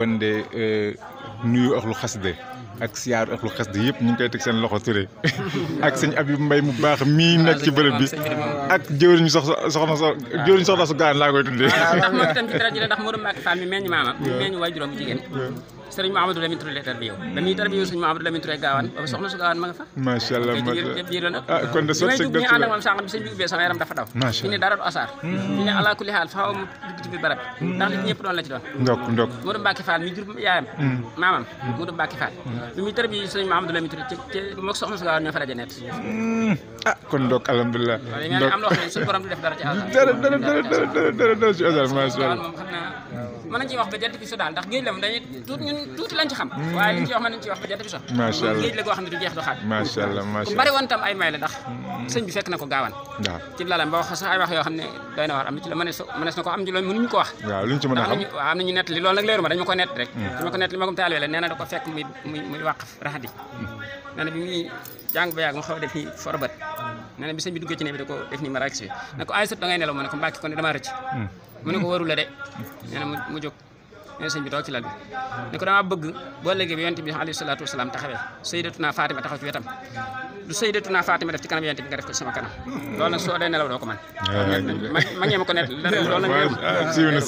kon de euh, nuyu ak lu xasde ak siyaaru ak lu xasde yëpp ñu ngi koy teg seen loxo Touré ak sëñ Abib Mbay mu baax mii nekk ci bërëb bi ak jëwriñ sox soxna so jëwriñ soxna su gaan laa koy tuddee. waaw waaw moo tax ñu fi mi meññ maama mi meññ waajuram bu jigéen. serigne Mamadou Lamine Touré tarbiyo Mamadou Lamine Touré soxna su ma allah ah kon bi sama yaram dafa allah dara hmm. ala kulli dugg ci barab ndax doon la ci doon ndok ndok Modou Mbacke Fall mi jur Modou Mbacke Fall bi Mamadou Lamine Touré ci soxna su fa tuuti lañ ci xam mm. waaye liñ ci wax mën nañ ci wax ba jant bi sax macha allah géej la goo xam ne du jeex du xaaj macha allah macha allah bari woon tam ay may la ndax mm. sëñ bi fekk na ko gaawan waaw ci lalam ba wax sax ay wax yoo xam ne doy na war am na ci la mënees mënees na ko am ci loolu mënuñu ko wax waaw luñ ci mën a xam waaw am nañu nett li loolu nag leeruma dañu ko nett rek dañu ko nett li ma ko mm. taalee la nee na da ko fekk muy muy muy wàqaf raxadi nee na bi muy jàng ba yàgg mu xaw def ni forbat nee na bi sëñ bi duggee ci ne bi da ko def ni marakis bi na ko ay sët da ngay nelaw mu ne ko mbàkki kon dama rëcc mu ne ko warula de nee na mu jóg nee sëñ bi toog ci lal bi ne bi yonent bi alayhi salaatu wasalaam taxawee sayyidatuna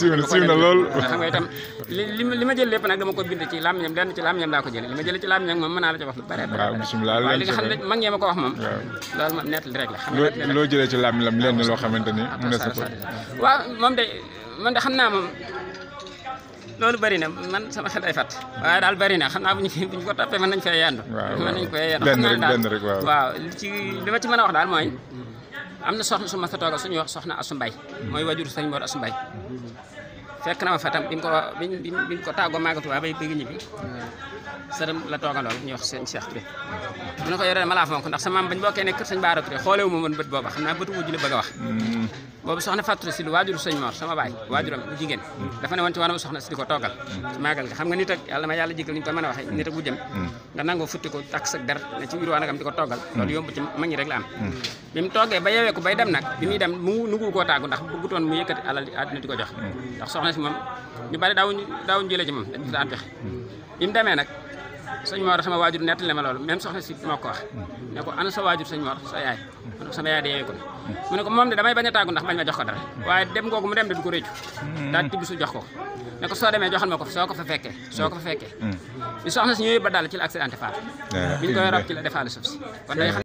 siiw na lool xam nga itam li ma jël lépp nag dama ko bind ci làmmiñam lenn ci laa ko jëlee li ma ci làmmiñam moom la ci wax lu bare waaw li nga xam ne la loo jëlee ci làmmiñam lenn loo xamante ni waaw moom de xam naa moom loolu bëri na man sama xel ay fàtt waaye daal bëri na xam naa bu ñu bu ñu ko toppee mën nañu fee yendu nañ fee yendu benn rek waaw li ma ci mën a wax daal mooy am na soxna su ma fa toogal suñuy wax soxna Asu Mbay mooy wajur sëñ Mor Asu Mbay fekk na ma fa bim bi mu ko bi bi bi mu ko tàggoo màggatu waa bay bëgg ñibbi sërëm la toogaloon ñuy wax sëñ Cheikh Touré mu ne ko yoree ma laa fonk ndax sa maam bañ bokkee ne kër sëñ Baara Touré xoolewu mën bëgg wax soxna si lu waajuru sëñ Mor sama baay waajuram bu jigéen dafa ne woon ci wanam soxna si di ko toogal ci màggal nga xam nga nit ak yàlla ma yàlla jigal ni ñu ko mën a waxee nit ak wujjam nga nangoo futti ko takk sa der ne ci biir wanagam di ko toogal yomb ci mag rek la am mu toogee ba yeweeku bay dem nag bi muy dem mu ndax mu alal soxna si moom ñu bari daawuñu daawuñu jëlee ci moom dañ ko daan joxe bi mu demee nag sëñ Mor sama waajur nettali na ma loolu même soxna si moo ko wax ne ko ana sa waajur sëñ Mor sa yaay mu ne ko sama yaay de yeewee ko mu ne ko moom de damay bañ a tàggu ndax bañ ma jox ko dara waaye dem googu mu dem de du ko réccu daal tibb su jox ko ne ko soo demee joxal ma ko soo ko fa fekkee soo ko fa fekkee mm. bi soxna si ñëwee ba daal ci la accidenté faatu bi ñu koy rob ci la defaale suuf si